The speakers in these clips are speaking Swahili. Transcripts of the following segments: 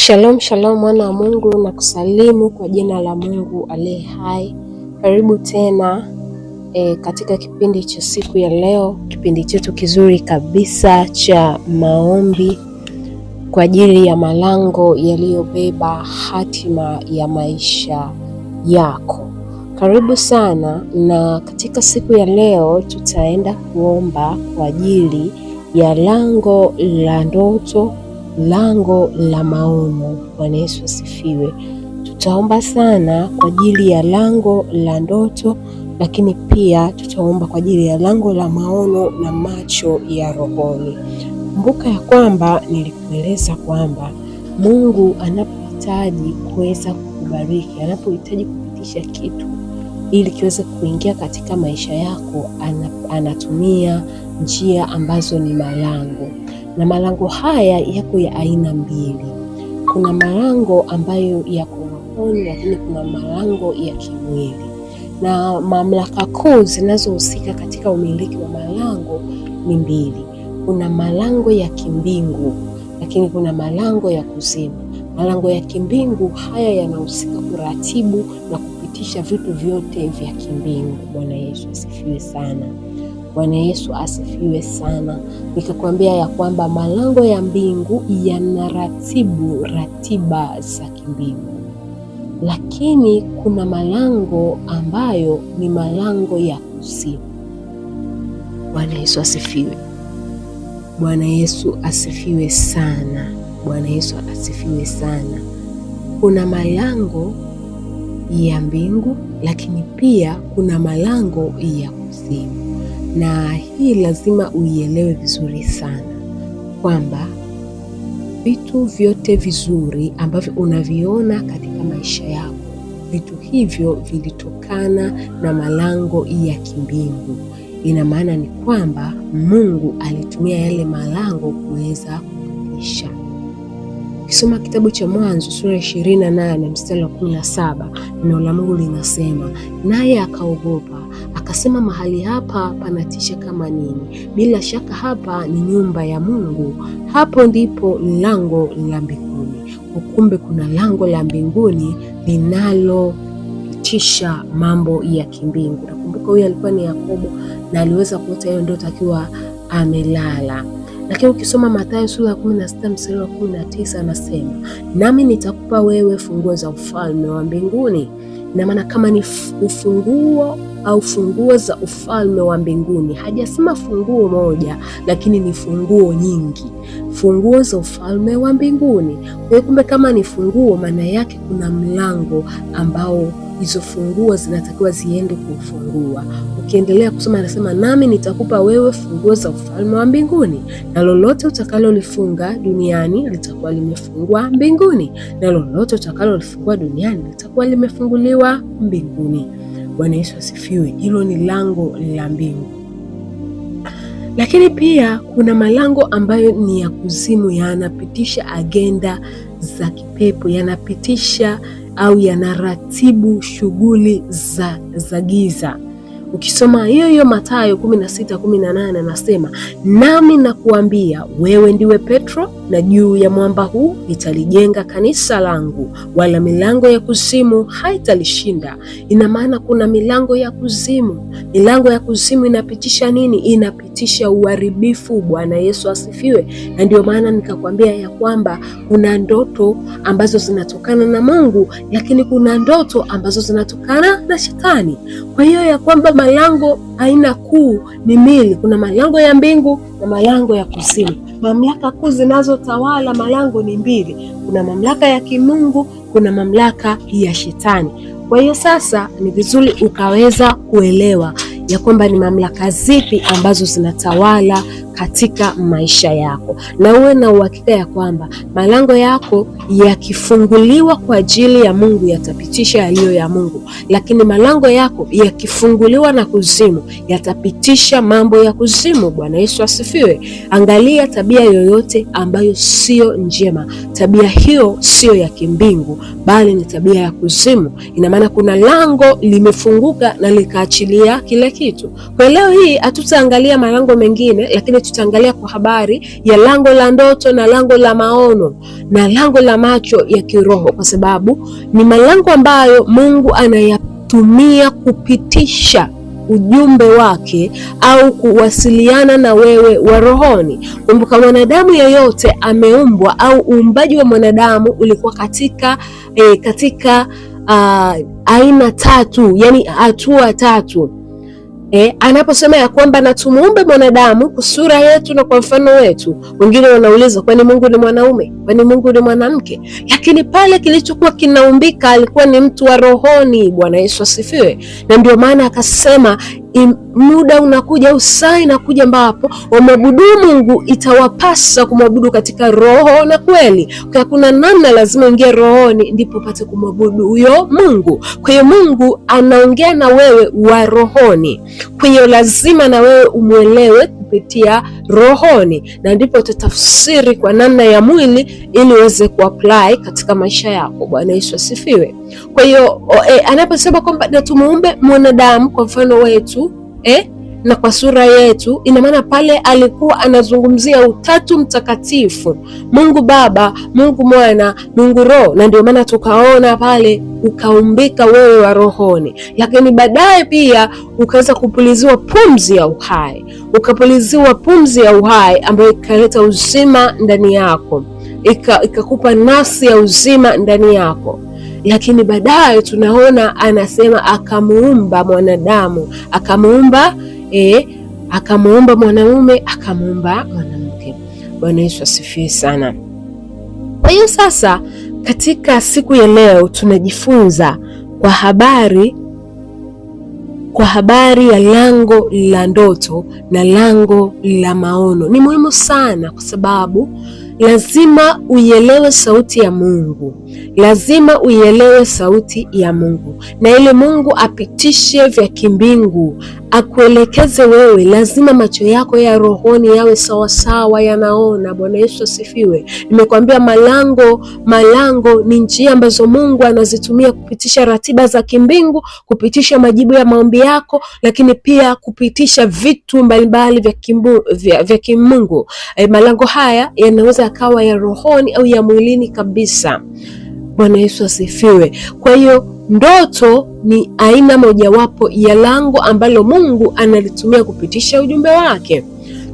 Shalom shalom, mwana wa Mungu, na kusalimu kwa jina la Mungu aliye hai. Karibu tena e, katika kipindi cha siku ya leo, kipindi chetu kizuri kabisa cha maombi kwa ajili ya malango yaliyobeba hatima ya maisha yako. Karibu sana, na katika siku ya leo tutaenda kuomba kwa ajili ya lango la ndoto lango la maono. Bwana Yesu asifiwe. Tutaomba sana kwa ajili ya lango la ndoto, lakini pia tutaomba kwa ajili ya lango la maono na macho ya rohoni. Kumbuka ya kwamba nilikueleza kwamba Mungu anapohitaji kuweza kukubariki, anapohitaji kupitisha kitu ili kiweze kuingia katika maisha yako, anatumia njia ambazo ni malango na malango haya yako ya aina mbili. Kuna malango ambayo yako rohoni, lakini kuna malango ya kimwili, na mamlaka kuu zinazohusika katika umiliki wa malango ni mbili. Kuna malango ya kimbingu, lakini kuna malango ya kuzimu. Malango ya kimbingu haya yanahusika kuratibu na kupitisha vitu vyote vya kimbingu. Bwana Yesu asifiwe sana. Bwana Yesu asifiwe sana. Nikakwambia ya kwamba malango ya mbingu yana ratibu ratiba za kimbingu, lakini kuna malango ambayo ni malango ya kusimu Bwana Yesu asifiwe. Bwana Yesu asifiwe sana. Bwana Yesu asifiwe sana. Kuna malango ya mbingu, lakini pia kuna malango ya kusimu na hii lazima uielewe vizuri sana kwamba vitu vyote vizuri ambavyo unaviona katika maisha yako, vitu hivyo vilitokana na malango ya kimbingu. Ina maana ni kwamba Mungu alitumia yale malango kuweza kuisha Ukisoma kitabu cha Mwanzo sura ishirini na nane mstari wa kumi na saba neno la Mungu linasema, naye akaogopa akasema mahali hapa panatisha kama nini! Bila shaka hapa ni nyumba ya Mungu, hapo ndipo lango la mbinguni. Ukumbe kuna lango la mbinguni linalotisha mambo ya kimbingu. Nakumbuka huyu alikuwa ni Yakobo na aliweza kuota hiyo ndoto akiwa amelala lakini ukisoma Mathayo sura ya kumi na sita mstari wa kumi na tisa anasema nami nitakupa wewe funguo za ufalme wa mbinguni. Ina maana kama ni ufunguo au funguo za ufalme wa mbinguni. Hajasema funguo moja, lakini ni funguo nyingi, funguo za ufalme wa mbinguni. Kwa hiyo kumbe, kama ni funguo, maana yake kuna mlango ambao hizo funguo zinatakiwa ziende kufungua. Ukiendelea kusoma, anasema nami nitakupa wewe funguo za ufalme wa mbinguni, na lolote utakalolifunga duniani litakuwa limefungwa mbinguni, na lolote utakalolifungua duniani litakuwa limefunguliwa mbinguni. Bwana Yesu asifiwe. Hilo ni lango la mbingu, lakini pia kuna malango ambayo ni ya kuzimu, yanapitisha agenda za kipepo, yanapitisha au yanaratibu shughuli za, za giza Ukisoma hiyo hiyo Mathayo 16:18 anasema, nami nakuambia wewe ndiwe Petro, na juu ya mwamba huu nitalijenga kanisa langu, wala milango ya kuzimu haitalishinda. Ina maana kuna milango ya kuzimu. Milango ya kuzimu inapitisha nini? Inapitisha uharibifu. Bwana Yesu asifiwe. Na ndio maana nikakwambia ya kwamba kuna ndoto ambazo zinatokana na Mungu, lakini kuna ndoto ambazo zinatokana na shetani. Kwa hiyo ya kwamba malango aina kuu ni mbili, kuna malango ya mbingu na malango ya kusini. Mamlaka kuu zinazotawala malango ni mbili, kuna mamlaka ya kimungu, kuna mamlaka ya shetani. Kwa hiyo sasa ni vizuri ukaweza kuelewa ya kwamba ni mamlaka zipi ambazo zinatawala katika maisha yako, na uwe na uhakika ya kwamba malango yako yakifunguliwa kwa ajili ya Mungu yatapitisha yaliyo ya Mungu, lakini malango yako yakifunguliwa na kuzimu yatapitisha mambo ya kuzimu. Bwana Yesu asifiwe. Angalia tabia yoyote ambayo siyo njema, tabia hiyo siyo ya kimbingu, bali ni tabia ya kuzimu. Ina maana kuna lango limefunguka na likaachilia kile kitu. Kwa leo hii hatutaangalia malango mengine, lakini tutaangalia kwa habari ya lango la ndoto na lango la maono na lango la macho ya kiroho, kwa sababu ni malango ambayo Mungu anayatumia kupitisha ujumbe wake au kuwasiliana na wewe wa rohoni. Kumbuka mwanadamu yeyote ameumbwa au uumbaji wa mwanadamu ulikuwa katika eh, katika uh, aina tatu, yani hatua tatu E, anaposema ya kwamba na tumuumbe mwanadamu kwa sura yetu na kwa mfano wetu. Wengine wanauliza kwani Mungu ni mwanaume? Kwani Mungu ni mwanamke? Lakini pale kilichokuwa kinaumbika alikuwa ni mtu wa rohoni. Bwana Yesu asifiwe. Na ndio maana akasema muda unakuja au saa inakuja ambapo wamwabudu Mungu itawapasa kumwabudu katika roho na kweli. Kwa kuna namna lazima ingie rohoni ndipo upate kumwabudu huyo Mungu. Kwa hiyo Mungu anaongea na wewe wa rohoni, kwa hiyo lazima na wewe umwelewe kupitia rohoni, na ndipo utatafsiri kwa namna ya mwili ili uweze kuapply katika maisha yako. Bwana Yesu asifiwe. Kwa hiyo eh, anaposema kwamba na tumuumbe mwanadamu kwa mfano wetu eh, na kwa sura yetu. Ina maana pale alikuwa anazungumzia utatu mtakatifu, Mungu Baba, Mungu Mwana, Mungu Roho, na ndio maana tukaona pale ukaumbika wewe wa rohoni, lakini baadaye pia ukaweza kupuliziwa pumzi ya uhai, ukapuliziwa pumzi ya uhai ambayo ikaleta uzima ndani yako, ikakupa ika nafsi ya uzima ndani yako lakini baadaye tunaona anasema akamuumba mwanadamu, akamuumba e, akamuumba mwanamume, akamuumba mwanamke. Bwana Yesu asifiwe sana. Kwa hiyo sasa, katika siku ya leo tunajifunza kwa habari kwa habari ya lango la ndoto na lango la maono. Ni muhimu sana, kwa sababu lazima uielewe sauti ya Mungu lazima uielewe sauti ya Mungu na ile Mungu apitishe vya kimbingu akuelekeze wewe, lazima macho yako ya rohoni yawe sawasawa, yanaona. Bwana Yesu asifiwe. Nimekwambia malango, malango ni njia ambazo Mungu anazitumia kupitisha ratiba za kimbingu, kupitisha majibu ya maombi yako, lakini pia kupitisha vitu mbalimbali vya, vya, vya kimungu. E, malango haya yanaweza yakawa ya rohoni au ya mwilini kabisa. Bwana Yesu asifiwe. Kwa hiyo ndoto ni aina mojawapo ya lango ambalo Mungu analitumia kupitisha ujumbe wake.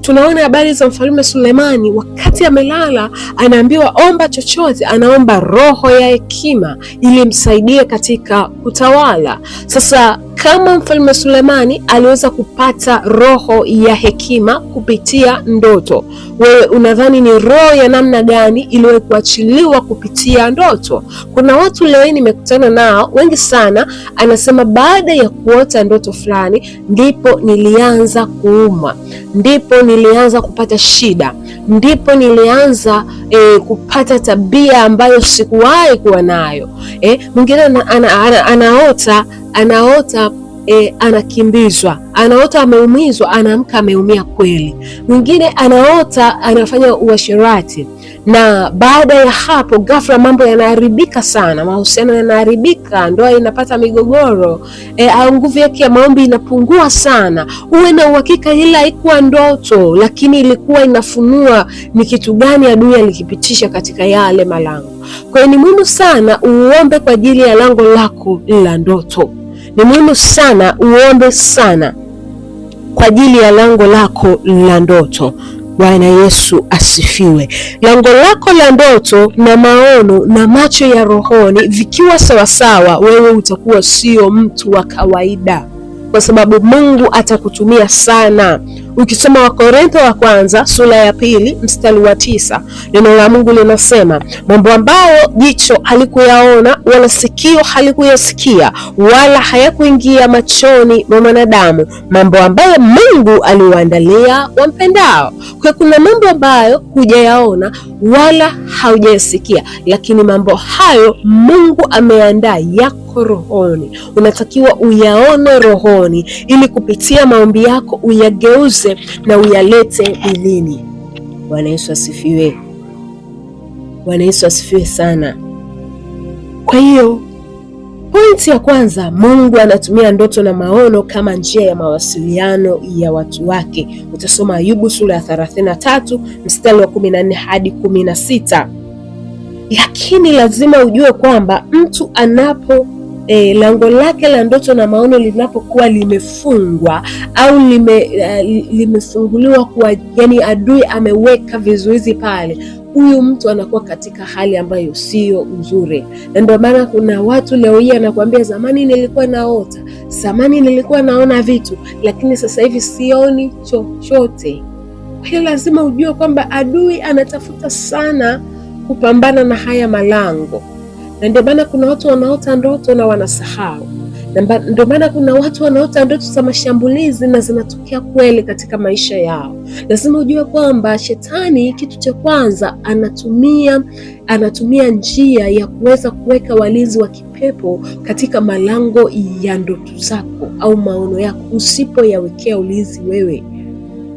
Tunaona habari za mfalme Sulemani, wakati amelala anaambiwa omba chochote, anaomba roho ya hekima ili msaidie katika kutawala. Sasa kama mfalme Sulemani aliweza kupata roho ya hekima kupitia ndoto, wewe unadhani ni roho ya namna gani iliwe kuachiliwa kupitia ndoto? Kuna watu leo hii nimekutana nao wengi sana, anasema baada ya kuota ndoto fulani ndipo nilianza kuumwa, ndipo nilianza kupata shida, ndipo nilianza e, kupata tabia ambayo sikuwahi kuwa nayo. E, mwingine ana, ana, ana, anaota anaota e, anakimbizwa, anaota ameumizwa, anaamka ameumia kweli. Mwingine anaota anafanya uasherati, na baada ya hapo ghafla mambo yanaharibika sana, mahusiano yanaharibika, ndoa inapata migogoro e, au nguvu yake ya maombi inapungua sana. Uwe na uhakika, ila haikuwa ndoto, lakini ilikuwa inafunua ni kitu gani adui alikipitisha katika yale malango. Kwa hiyo ni muhimu sana uombe kwa ajili ya lango lako la ndoto. Ni muhimu sana uombe sana kwa ajili ya lango lako la ndoto. Bwana Yesu asifiwe. Lango lako la ndoto na maono na macho ya rohoni vikiwa sawasawa, wewe utakuwa sio mtu wa kawaida, kwa sababu Mungu atakutumia sana. Ukisoma Wakorintho wa kwanza sura ya pili mstari wa tisa neno la Mungu linasema mambo ambayo jicho halikuyaona wala sikio halikuyasikia wala hayakuingia machoni mwa mwanadamu, mambo ambayo Mungu aliwaandalia wampendao. Kwa kuna mambo ambayo hujayaona wala haujayasikia, lakini mambo hayo Mungu ameandaa yako rohoni. Unatakiwa uyaone rohoni, ili kupitia maombi yako uyageuze uyaguse na uyalete mwilini. Bwana Yesu asifiwe. Bwana Yesu asifiwe sana. Kwa hiyo pointi ya kwanza, Mungu anatumia ndoto na maono kama njia ya mawasiliano ya watu wake. Utasoma Ayubu sura ya 33 mstari wa 14 hadi 16. Lakini lazima ujue kwamba mtu anapo e, lango lake la ndoto na maono linapokuwa limefungwa au lime, uh, limefunguliwa kwa, yani adui ameweka vizuizi pale, huyu mtu anakuwa katika hali ambayo sio nzuri, na ndio maana kuna watu leo hii anakuambia, zamani nilikuwa naota, zamani nilikuwa naona vitu, lakini sasa hivi sioni chochote. Kwa hiyo lazima ujue kwamba adui anatafuta sana kupambana na haya malango na ndio maana kuna watu wanaota ndoto na wanasahau, na ndio maana kuna watu wanaota ndoto za mashambulizi na zinatokea kweli katika maisha yao. Lazima ujue kwamba shetani, kitu cha kwanza, anatumia anatumia njia ya kuweza kuweka walinzi wa kipepo katika malango ya ndoto zako au maono yako, usipoyawekea ulinzi wewe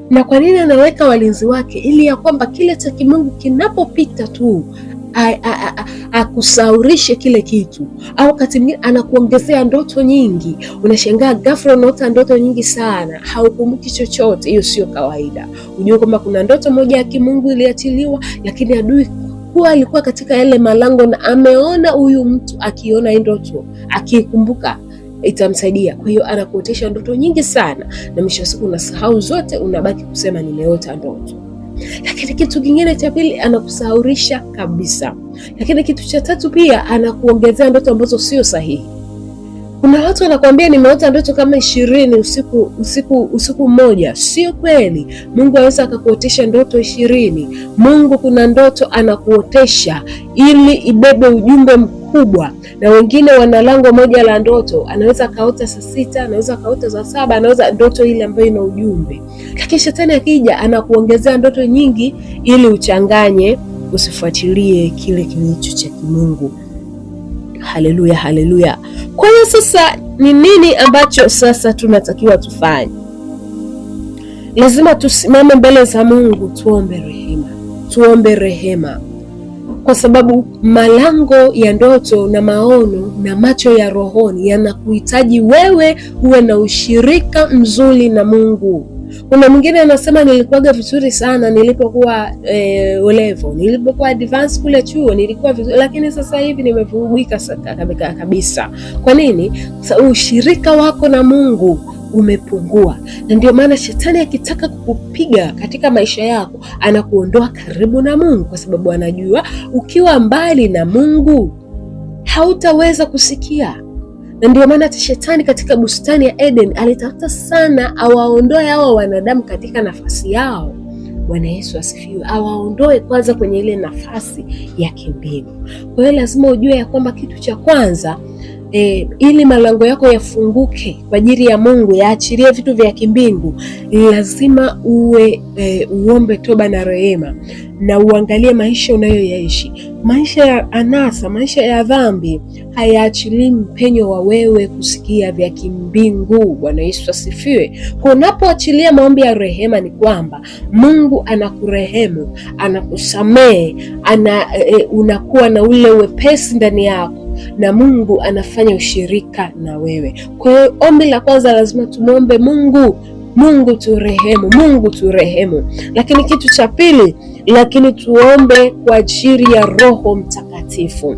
na kwa nini anaweka walinzi wake? Ili ya kwamba kile cha kimungu kinapopita tu akusaurishe kile kitu, au wakati mwingine anakuongezea ndoto nyingi. Unashangaa ghafla unaota ndoto nyingi sana, haukumbuki chochote. Hiyo sio kawaida. Ujue kwamba kuna ndoto moja ya kimungu iliachiliwa, lakini adui kuwa alikuwa katika yale malango na ameona huyu mtu akiona hii ndoto akiikumbuka itamsaidia. Kwa hiyo anakuotesha ndoto nyingi sana, na mwisho wa siku unasahau zote, unabaki kusema nimeota ndoto. Lakini kitu kingine cha pili, anakusahaurisha kabisa. Lakini kitu cha tatu pia anakuongezea ndoto ambazo sio sahihi. Kuna watu wanakuambia nimeota ndoto kama ishirini usiku usiku usiku mmoja. Sio kweli, Mungu aweza akakuotesha ndoto ishirini. Mungu kuna ndoto anakuotesha ili ibebe ujumbe mkubwa, na wengine wana lango moja la ndoto, anaweza akaota saa sita, anaweza akaota saa saba, anaweza ndoto ile ambayo ina ujumbe, lakini shetani akija anakuongezea ndoto nyingi ili uchanganye, usifuatilie kile kilicho cha kimungu. Haleluya, haleluya. Kwa hiyo sasa ni nini ambacho sasa tunatakiwa tufanye? Lazima tusimame mbele za Mungu, tuombe rehema, tuombe rehema, kwa sababu malango ya ndoto na maono na macho ya rohoni yanakuhitaji wewe uwe na ushirika mzuri na Mungu. Kuna mwingine anasema nilikuwaga vizuri sana nilipokuwa eh, olevo, nilipokuwa advance kule chuo nilikuwa vizuri, lakini sasa hivi nimevurugika kabisa. Kwa nini? Ushirika wako na Mungu umepungua na ndio maana shetani akitaka kukupiga katika maisha yako anakuondoa karibu na Mungu, kwa sababu anajua ukiwa mbali na Mungu hautaweza kusikia na ndio maana hata shetani katika bustani ya Eden alitafuta sana awaondoe hawa wanadamu katika nafasi yao. Bwana Yesu asifiwe, awaondoe kwanza kwenye ile nafasi ya kimbingu. Kwa hiyo lazima ujue ya kwamba kitu cha kwanza E, ili malango yako yafunguke kwa ajili ya Mungu, yaachilie vitu vya kimbingu, lazima uwe e, uombe toba na rehema na uangalie maisha unayoyaishi. Maisha ya anasa, maisha ya dhambi hayaachilii mpenyo wa wewe kusikia vya kimbingu. Bwana Yesu asifiwe. Kunapoachilia maombi ya rehema, ni kwamba Mungu anakurehemu, anakusamehe, ana, e, unakuwa na ule wepesi ndani yako na Mungu anafanya ushirika na wewe. Kwa hiyo ombi la kwanza lazima tumwombe Mungu, Mungu turehemu, Mungu turehemu. Lakini kitu cha pili, lakini tuombe kwa ajili ya Roho Mtakatifu.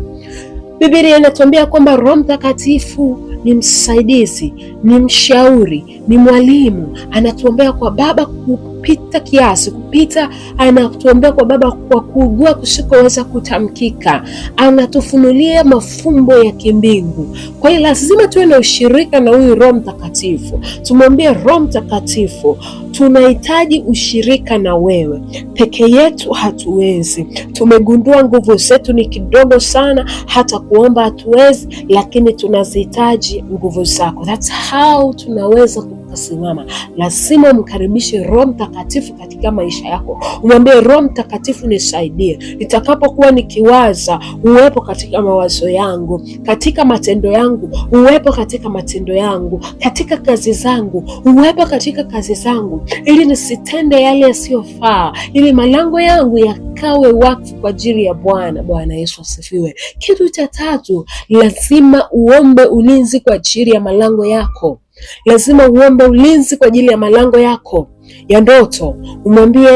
Biblia inatuambia kwamba Roho Mtakatifu ni msaidizi, ni mshauri, ni mwalimu, anatuombea kwa Baba kupita kiasi kupita, anatuombea kwa Baba kwa kuugua kusikoweza kutamkika, anatufunulia mafumbo ya kimbingu. Kwa hiyo lazima tuwe na ushirika na huyu Roho Mtakatifu. Tumwambie Roho Mtakatifu, tunahitaji ushirika na wewe. Peke yetu hatuwezi, tumegundua nguvu zetu ni kidogo sana, hata kuomba hatuwezi, lakini tunazihitaji nguvu zako. That's how tunaweza kukasimama Lazima mkaribishe Roho Mtakatifu katika maisha maisha yako. Umwambie Roho Mtakatifu, nisaidie nitakapokuwa nikiwaza, uwepo katika mawazo yangu, katika matendo yangu, uwepo katika matendo yangu, katika kazi zangu, uwepo katika kazi zangu, ili nisitende yale yasiyofaa, ili malango yangu yakawe wakfu kwa ajili ya Bwana. Bwana Yesu asifiwe. Kitu cha tatu, lazima uombe ulinzi kwa ajili ya malango yako. Lazima uombe ulinzi kwa ajili ya malango yako ya ndoto, umwambie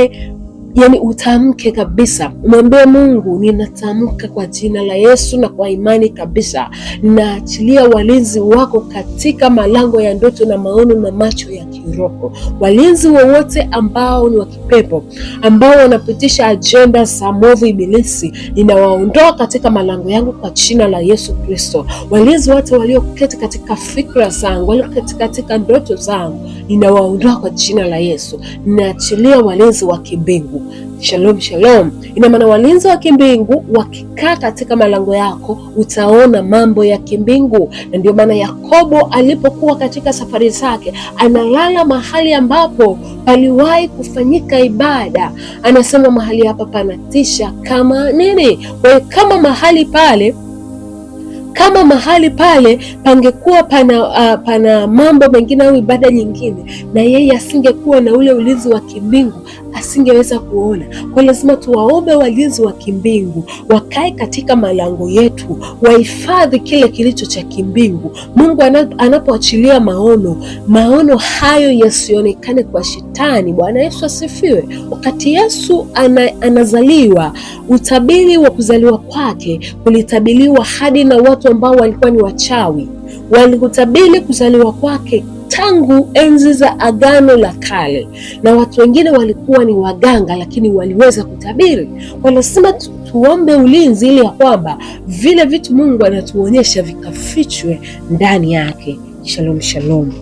yani utamke kabisa, mwambie Mungu, ninatamka kwa jina la Yesu na kwa imani kabisa, naachilia walinzi wako katika malango ya ndoto na maono na macho ya kiroho, walinzi wowote ambao ni wa kipepo, ambao wanapitisha ajenda za mwovu Ibilisi, ninawaondoa katika malango yangu kwa jina la Yesu Kristo. Walinzi wote walioketi katika fikra zangu, walioketi katika ndoto zangu, ninawaondoa kwa jina la Yesu, ninaachilia walinzi wa kimbingu Shalom, shalom. Ina maana walinzi wa kimbingu wakikaa katika malango yako utaona mambo ya kimbingu, na ndio maana Yakobo alipokuwa katika safari zake analala mahali ambapo paliwahi kufanyika ibada, anasema mahali hapa panatisha kama nini. Kwa hiyo kama mahali pale kama mahali pale pangekuwa pana, uh, pana mambo mengine au ibada nyingine, na yeye asingekuwa na ule ulinzi wa kimbingu asingeweza kuona. Kwa lazima tuwaombe walinzi wa kimbingu wakae katika malango yetu, wahifadhi kile kilicho cha kimbingu. Mungu anapoachilia maono, maono hayo yasionekane kwa shetani. Bwana Yesu asifiwe. Wakati Yesu ana, anazaliwa, utabiri wa kuzaliwa kwake kulitabiliwa hadi na watu watu ambao walikuwa ni wachawi walikutabili kuzaliwa kwake tangu enzi za Agano la Kale, na watu wengine walikuwa ni waganga, lakini waliweza kutabiri. Wanasema tu, tuombe ulinzi ili ya kwamba vile vitu Mungu anatuonyesha vikafichwe ndani yake. Shalom shalom,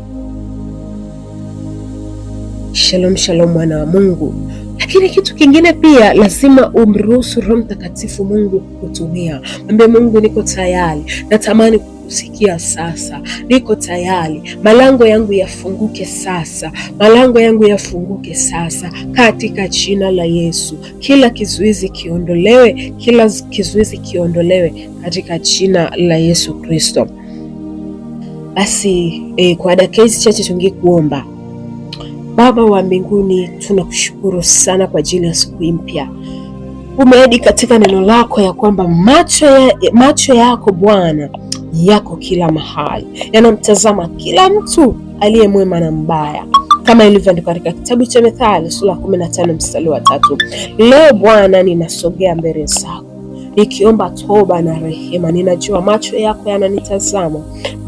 shalom shalom, mwana wa Mungu. Lakini kitu kingine pia lazima umruhusu Roho Mtakatifu Mungu kutumia Mwambie Mungu, niko tayari, natamani kukusikia sasa, niko tayari, malango yangu yafunguke sasa, malango yangu yafunguke sasa, katika jina la Yesu. Kila kizuizi kiondolewe, kila kizuizi kiondolewe katika jina la Yesu Kristo. Basi eh, kwa dakika hizi chache tungekuomba Baba wa mbinguni, tunakushukuru sana kwa ajili ya siku mpya. Umeahidi katika neno lako ya kwamba macho, ya, macho yako Bwana yako kila mahali, yanamtazama kila mtu aliye mwema na mbaya kama ilivyoandikwa katika kitabu cha Methali sura ya 15 mstari wa tatu. Leo Bwana, ninasogea mbele zako nikiomba toba na rehema. Ninajua macho yako yananitazama,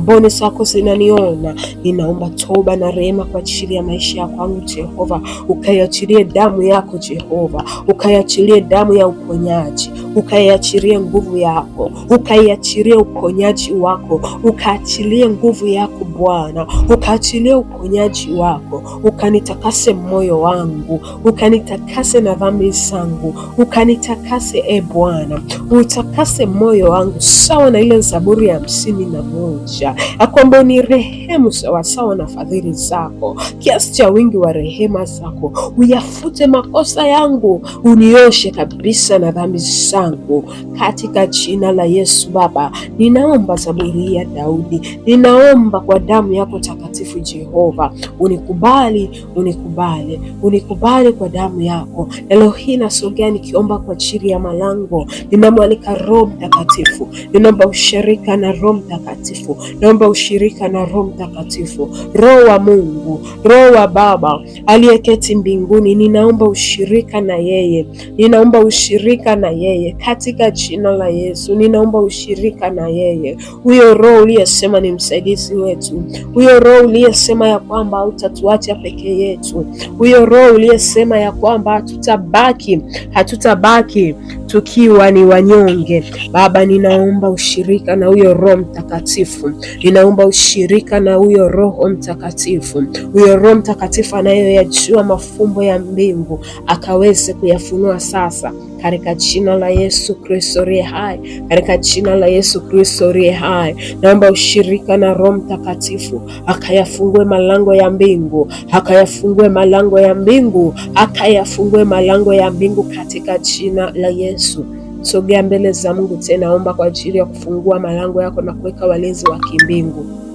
Mboni zako zinaniona. Ninaomba toba na rehema kwa ajili ya maisha ya kwangu Jehova, ukaiachilie damu yako Jehova, ukaiachilie damu ya uponyaji, ukaiachilie nguvu yako, ukaiachilie uponyaji wako, ukaachilie nguvu yako Bwana, ukaachilie uponyaji wako, ukanitakase moyo wangu, ukanitakase na dhambi zangu, ukanitakase e Bwana, utakase moyo wangu sawa na ile Zaburi ya hamsini na moja ya kwamba ni rehemu sawasawa na fadhili zako, kiasi cha wingi wa rehema zako uyafute makosa yangu, unioshe kabisa na dhambi zangu, katika jina la Yesu. Baba, ninaomba zaburi ya Daudi, ninaomba kwa damu yako takatifu. Jehova, unikubali, unikubali, unikubali kwa damu yako, leo hii nasogea nikiomba kwa chiri ya malango, ninamwalika Roho Mtakatifu, ninaomba ushirika na Roho Mtakatifu na Naomba ushirika na Roho Mtakatifu, Roho wa Mungu, Roho wa Baba aliyeketi mbinguni, ninaomba ushirika na yeye, ninaomba ushirika na yeye katika jina la Yesu, ninaomba ushirika na yeye, huyo Roho uliyesema ni msaidizi wetu, huyo Roho uliyesema ya kwamba hautatuacha peke yetu, huyo Roho uliyesema ya kwamba hatutabaki hatutabaki tukiwa ni wanyonge. Baba, ninaomba ushirika na huyo Roho Mtakatifu, ninaomba ushirika na huyo Roho Mtakatifu, huyo Roho Mtakatifu anayoyajua mafumbo ya mbingu akaweze kuyafunua sasa katika jina la Yesu Kristo aliye hai, katika jina la Yesu Kristo aliye hai. Naomba ushirika na Roho Mtakatifu akayafungue malango ya mbingu, akayafungue malango ya mbingu, akayafungue malango ya mbingu katika jina la Yesu. Sogea mbele za Mungu tena, omba kwa ajili ya kufungua malango yako na kuweka walinzi wa kimbingu.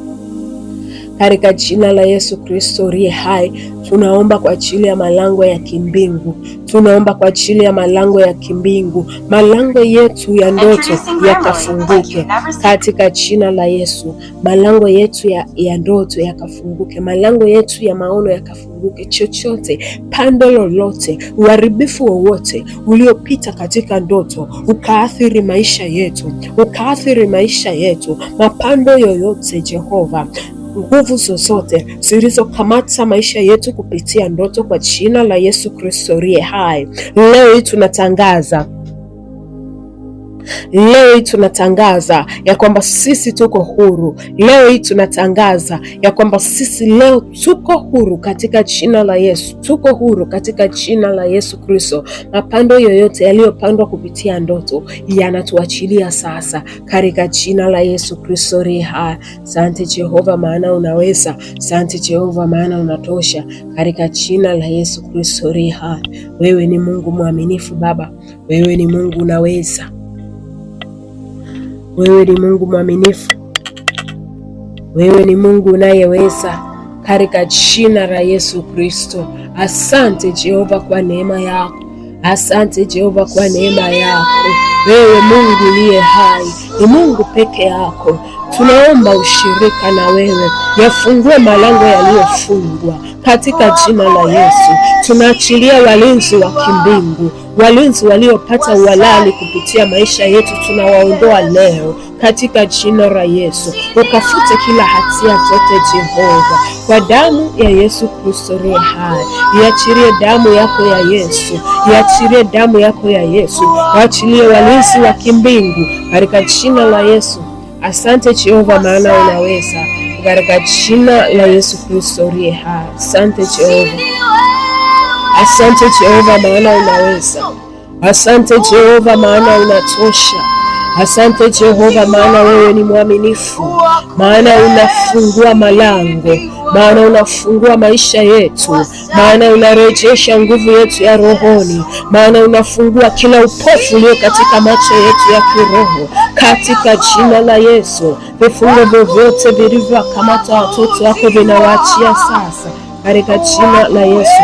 Katika jina la Yesu Kristo uliye hai, tunaomba kwa ajili ya malango ya kimbingu, tunaomba kwa ajili ya malango ya kimbingu, malango yetu ya ndoto yakafunguke katika jina la Yesu. Malango yetu ya, ya ndoto yakafunguke, malango yetu ya maono yakafunguke. Chochote, pando lolote, uharibifu wowote uliopita katika ndoto ukaathiri maisha yetu, ukaathiri maisha yetu, mapando yoyote Jehova nguvu zozote zilizokamata maisha yetu kupitia ndoto, kwa jina la Yesu Kristo aliye hai, leo hii tunatangaza Leo hii tunatangaza ya kwamba sisi tuko huru. Leo hii tunatangaza ya kwamba sisi leo tuko huru katika jina la Yesu, tuko huru katika jina la Yesu Kristo. Mapando yoyote yaliyopandwa kupitia ndoto yanatuachilia sasa katika jina la Yesu Kristo riha. Asante Jehova, maana unaweza. Asante Jehova, maana unatosha katika jina la Yesu Kristo riha. Wewe ni Mungu mwaminifu Baba, wewe ni Mungu unaweza wewe ni Mungu mwaminifu, wewe ni Mungu unayeweza, katika jina la Yesu Kristo. Asante Jehova kwa neema yako, asante Jehova kwa neema yako. Wewe Mungu uliye hai, ni Mungu peke yako tunaomba ushirika na wewe, yafungue malango yaliyofungwa katika jina la Yesu. Tunaachilia walinzi wa kimbingu, walinzi waliopata uhalali kupitia maisha yetu, tunawaondoa leo katika jina la Yesu. Ukafute kila hatia zote, Jehova, kwa damu ya Yesu Kristo. Roho hai, iachilie damu yako ya Yesu, iachilie damu yako ya Yesu, waachilie walinzi wa kimbingu katika jina la Yesu. Asante Jehova, maana unaweza, katika jina la Yesu Kristo uliye hai. Asante Jehova, asante Jehova, maana unaweza. Asante Jehova, maana unatosha. Asante Jehova, maana wewe ni mwaminifu, maana unafungua malango, maana unafungua maisha yetu, maana unarejesha nguvu yetu ya rohoni, maana unafungua kila upofu ulio katika macho yetu ya kiroho, katika jina la Yesu. Vifungo vyovyote vilivyowakamata watoto wako vinawaachia sasa, katika jina la Yesu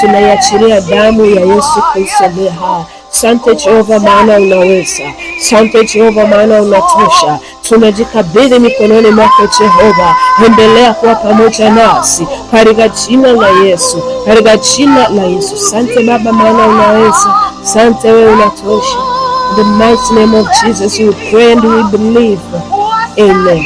tunaiachilia damu ya Yesu kuisoleha sante Jehova, maana unaweza. sante Jehova, maana unatosha. Tunajikabidhi mikononi mwako Jehova, endelea kuwa pamoja nasi katika jina la Yesu, katika jina la Yesu. sante Baba, maana unaweza. Sante wewe unatosha. In the mighty name of Jesus we pray and we believe. Amen.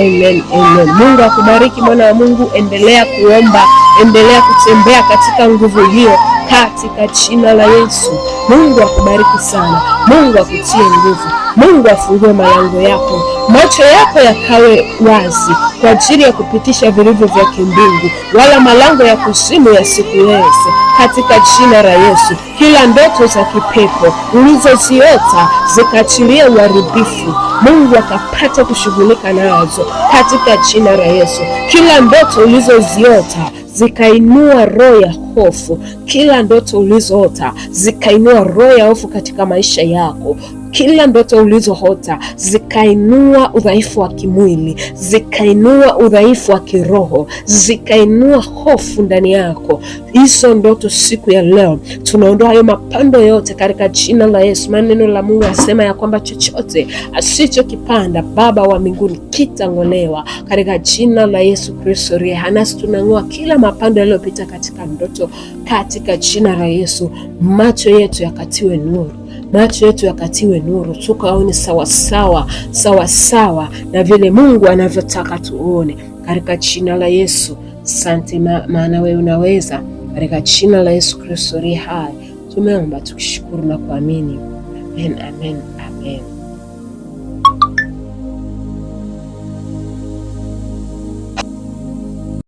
Amen. Amen. Mungu akubariki mwana wa Mungu, endelea kuomba, endelea kutembea katika nguvu hiyo katika jina la Yesu. Mungu akubariki sana, Mungu akutie nguvu, Mungu afungue malango yako, macho yako yakawe wazi kwa ajili ya kupitisha vilivyo vya kimbingu, wala malango ya kuzimu yasikuweze, katika jina la Yesu. Kila ndoto za kipepo ulizoziota zikaachilia uharibifu, Mungu akapata kushughulika nazo katika jina la Yesu. Kila ndoto ulizoziota zikainua roho ya hofu. Kila ndoto ulizoota zikainua roho ya hofu katika maisha yako, kila ndoto ulizohota zikainua udhaifu wa kimwili, zikainua udhaifu wa kiroho, zikainua hofu ndani yako, hizo ndoto siku ya leo tunaondoa hayo mapando yote katika jina la Yesu. Maana neno la Mungu asema ya kwamba chochote asichokipanda Baba wa mbinguni kitang'olewa katika jina la Yesu Kristo rie hanasi. Tunang'oa kila mapando yaliyopita katika ndoto katika jina la Yesu. Macho yetu yakatiwe nuru macho yetu yakatiwe nuru, tukaone sawasawa sawasawa na vile Mungu anavyotaka tuone, katika jina la Yesu. ma, maana wewe unaweza, katika jina la Yesu Kristo ri hai tumeomba tukishukuru na kuamini, amen, amen, amen.